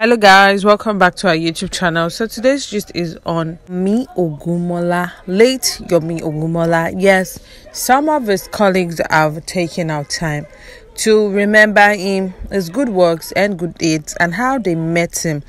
hello guys welcome back to our youtube channel so today's gist is on mi ogumola late yomi ogumola yes some of his colleagues have taken out time to remember him his good works and good deeds and how they met him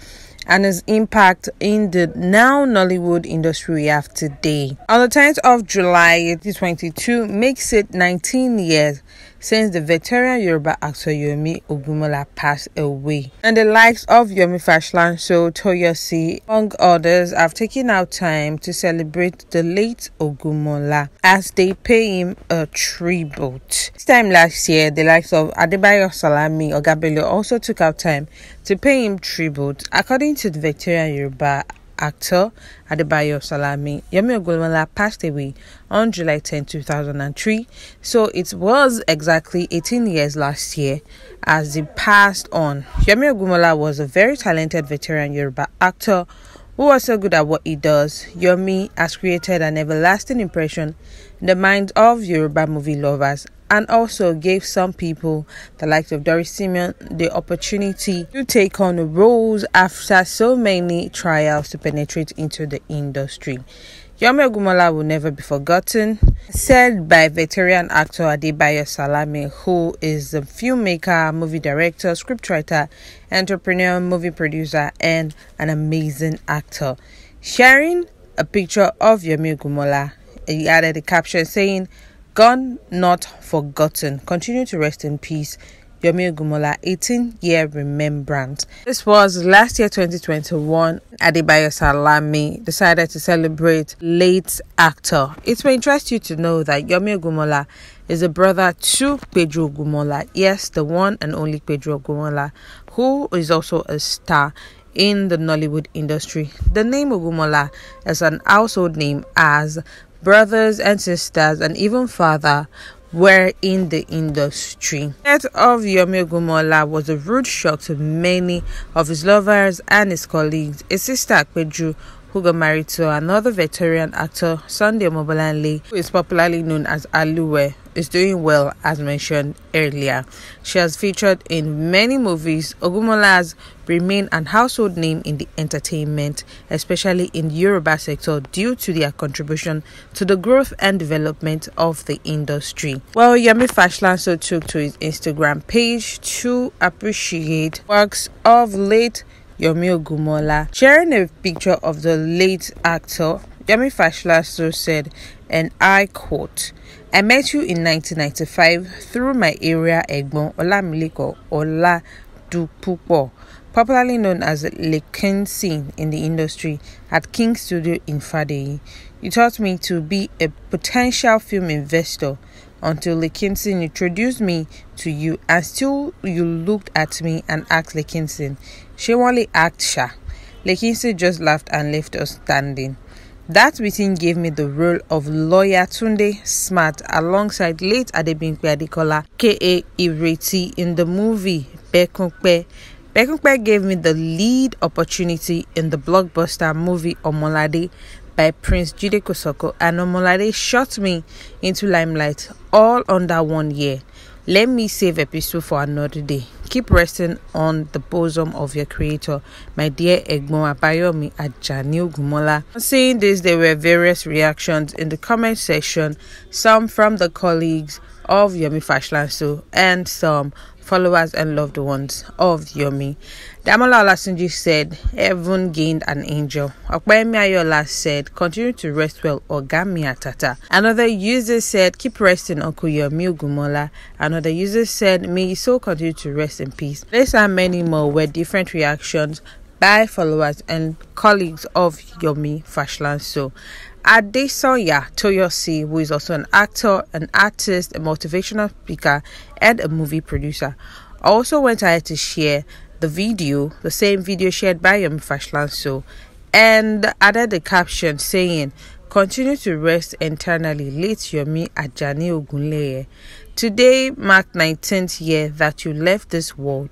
and his impact in the now Nollywood industry we have today. On the 10th of July 2022 makes it 19 years since the veteran Yoruba actor Yomi Ogumola passed away. And the likes of Yomi Fashlanso, Toyosi, among others, have taken out time to celebrate the late Ogumola as they pay him a tribute. This time last year, the likes of Adebayo Salami Ogabelo also took out time to pay him tribute. According to the veteran Yoruba actor Adebayo Salami. Yemi Ogulmola passed away on July 10, 2003, so it was exactly 18 years last year as he passed on. Yemi Ogulmola was a very talented veteran Yoruba actor who was so good at what he does. Yomi has created an everlasting impression in the minds of Yoruba movie lovers and also gave some people, the likes of Doris Simeon, the opportunity to take on roles after so many trials to penetrate into the industry. Yomi Ogumola will never be forgotten, said by veteran actor Adebayo Salami, who is a filmmaker, movie director, scriptwriter, entrepreneur, movie producer, and an amazing actor. Sharing a picture of Yomi Ogumola, he added a caption saying, Gone, not forgotten. Continue to rest in peace. Yomi Ogumola 18 year remembrance. This was last year 2021. Adibayo Salami decided to celebrate late actor. It may interest you to know that Yomi Ogumola is a brother to Pedro Ogumola. Yes, the one and only Pedro Ogumola, who is also a star in the Nollywood industry. The name Ogumola is an household name as brothers and sisters, and even father were in the industry. The death of Yomi Gumola was a rude shock to many of his lovers and his colleagues. His sister Akpeju, who got married to another veteran actor, Sunday Mobolanle, who is popularly known as Aluwe, is doing well, as mentioned earlier. She has featured in many movies. Ogumola has remained an household name in the entertainment, especially in the Yoruba sector, due to their contribution to the growth and development of the industry. Well, Fashlan Fashlanso took to his Instagram page to appreciate works of late Yomi Ogumola, sharing a picture of the late actor Demi Fashlasso said, and I quote, I met you in 1995 through my area Egbon Olamiliko Ola popularly known as Lekensin in the industry, at King Studio in Fadeyi. You taught me to be a potential film investor until Lekinson introduced me to you and still you looked at me and asked Lekinson. She only asked Sha. Lekinson just laughed and left us standing. That meeting gave me the role of lawyer Tunde Smart alongside late Adebimpe Adikola K.A. Ireti, in the movie Bekunpe. Bekunpe gave me the lead opportunity in the blockbuster movie Omolade by Prince Jide Kosoko and Omolade shot me into limelight all under one year. Let me save episode for another day. Keep resting on the bosom of your creator, my dear Egmo Abayomi Ajani Gumola. Seeing this, there were various reactions in the comment section, some from the colleagues of Yomi Fashlanso and some followers, and loved ones of Yomi. Damola Olasunji said, Heaven gained an angel. Akpemi Ayola said, Continue to rest well, Ogami Atata. Another user said, Keep resting, Uncle Yomi Ugumola. Another user said, May you so continue to rest in peace. These and many more were different reactions by followers and colleagues of Yomi Fashlan. So, Adesoya Toyosi, who is also an actor, an artist, a motivational speaker, and a movie producer, also went ahead to share the video, the same video shared by Yomi Fashlan. So, and added the caption saying, Continue to rest internally, late Yomi Ajani Ogunleye. Today marked 19th year that you left this world.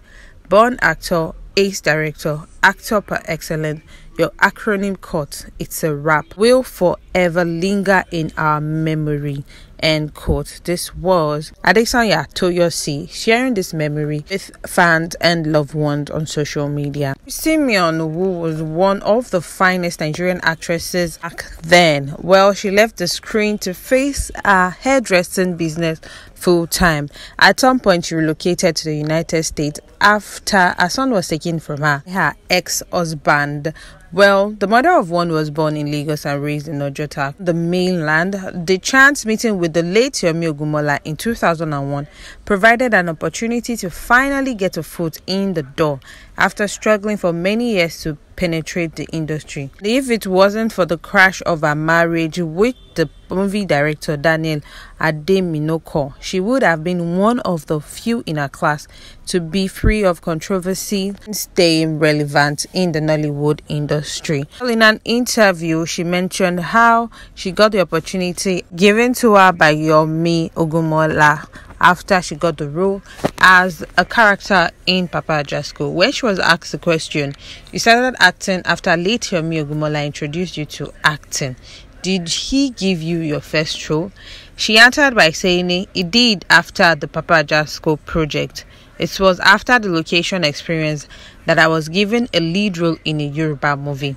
Born actor ace director, actor per excellence, your acronym cut, it's a wrap. Will for ever linger in our memory. End quote. This was Adesanya Toyosi sharing this memory with fans and loved ones on social media. Simeon, who was one of the finest Nigerian actresses back then, well, she left the screen to face a hairdressing business full time. At some point, she relocated to the United States after her son was taken from her, her ex husband. Well, the mother of one was born in Lagos and raised in Nigeria the mainland, the chance meeting with the late Yomi Ogumola in 2001 provided an opportunity to finally get a foot in the door after struggling for many years to penetrate the industry. If it wasn't for the crash of her marriage with the movie director Daniel Ademinoko, she would have been one of the few in her class to be free of controversy and stay relevant in the Nollywood industry. In an interview, she mentioned how she got the opportunity given to her by Yomi Ogumola after she got the role as a character in Papa Jasko, where she was asked the question, You started acting after late Yomi Ogumola introduced you to acting. Did he give you your first role? She answered by saying he did after the Papa Jasko project. It was after the location experience that I was given a lead role in a Yoruba movie.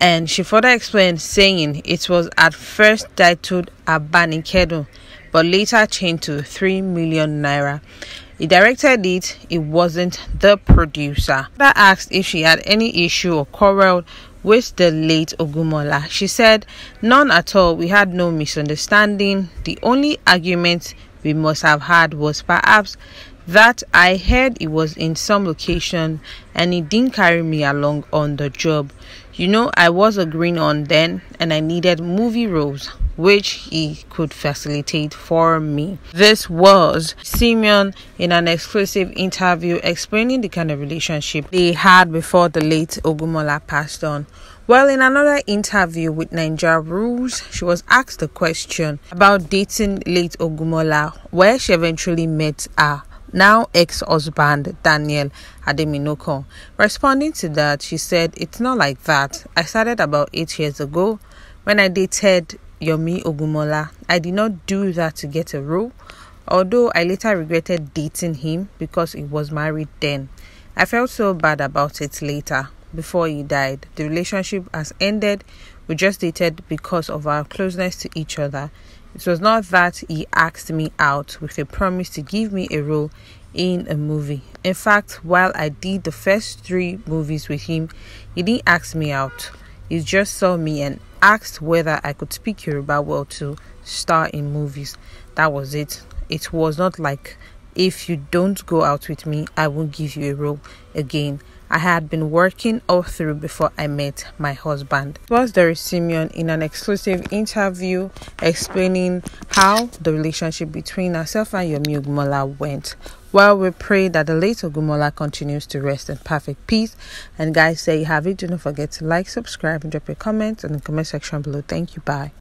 And she further explained, saying it was at first titled Abanikedo, but later changed to 3 million naira. He directed it, he wasn't the producer. That asked if she had any issue or quarrel with the late Ogumola. She said, None at all. We had no misunderstanding. The only argument we must have had was perhaps that I heard he was in some location and he didn't carry me along on the job. You know, I was agreeing on then, and I needed movie roles which he could facilitate for me. This was Simeon in an exclusive interview explaining the kind of relationship they had before the late Ogumola passed on. Well, in another interview with Ninja Rules, she was asked a question about dating late Ogumola, where she eventually met her now ex husband Daniel Ademinoko. Responding to that, she said, It's not like that. I started about eight years ago when I dated Yomi Ogumola. I did not do that to get a role, although I later regretted dating him because he was married then. I felt so bad about it later before he died. The relationship has ended. We just dated because of our closeness to each other it was not that he asked me out with a promise to give me a role in a movie. In fact, while I did the first three movies with him, he didn't ask me out. He just saw me and asked whether I could speak Yoruba well to star in movies. That was it. It was not like if you don't go out with me, I won't give you a role again. I had been working all through before I met my husband. Was Doris Simeon in an exclusive interview explaining how the relationship between herself and Yomi Ogumola went. Well, we pray that the late Ogumola continues to rest in perfect peace. And guys, say you have it. Do not forget to like, subscribe, and drop your comments in the comment section below. Thank you. Bye.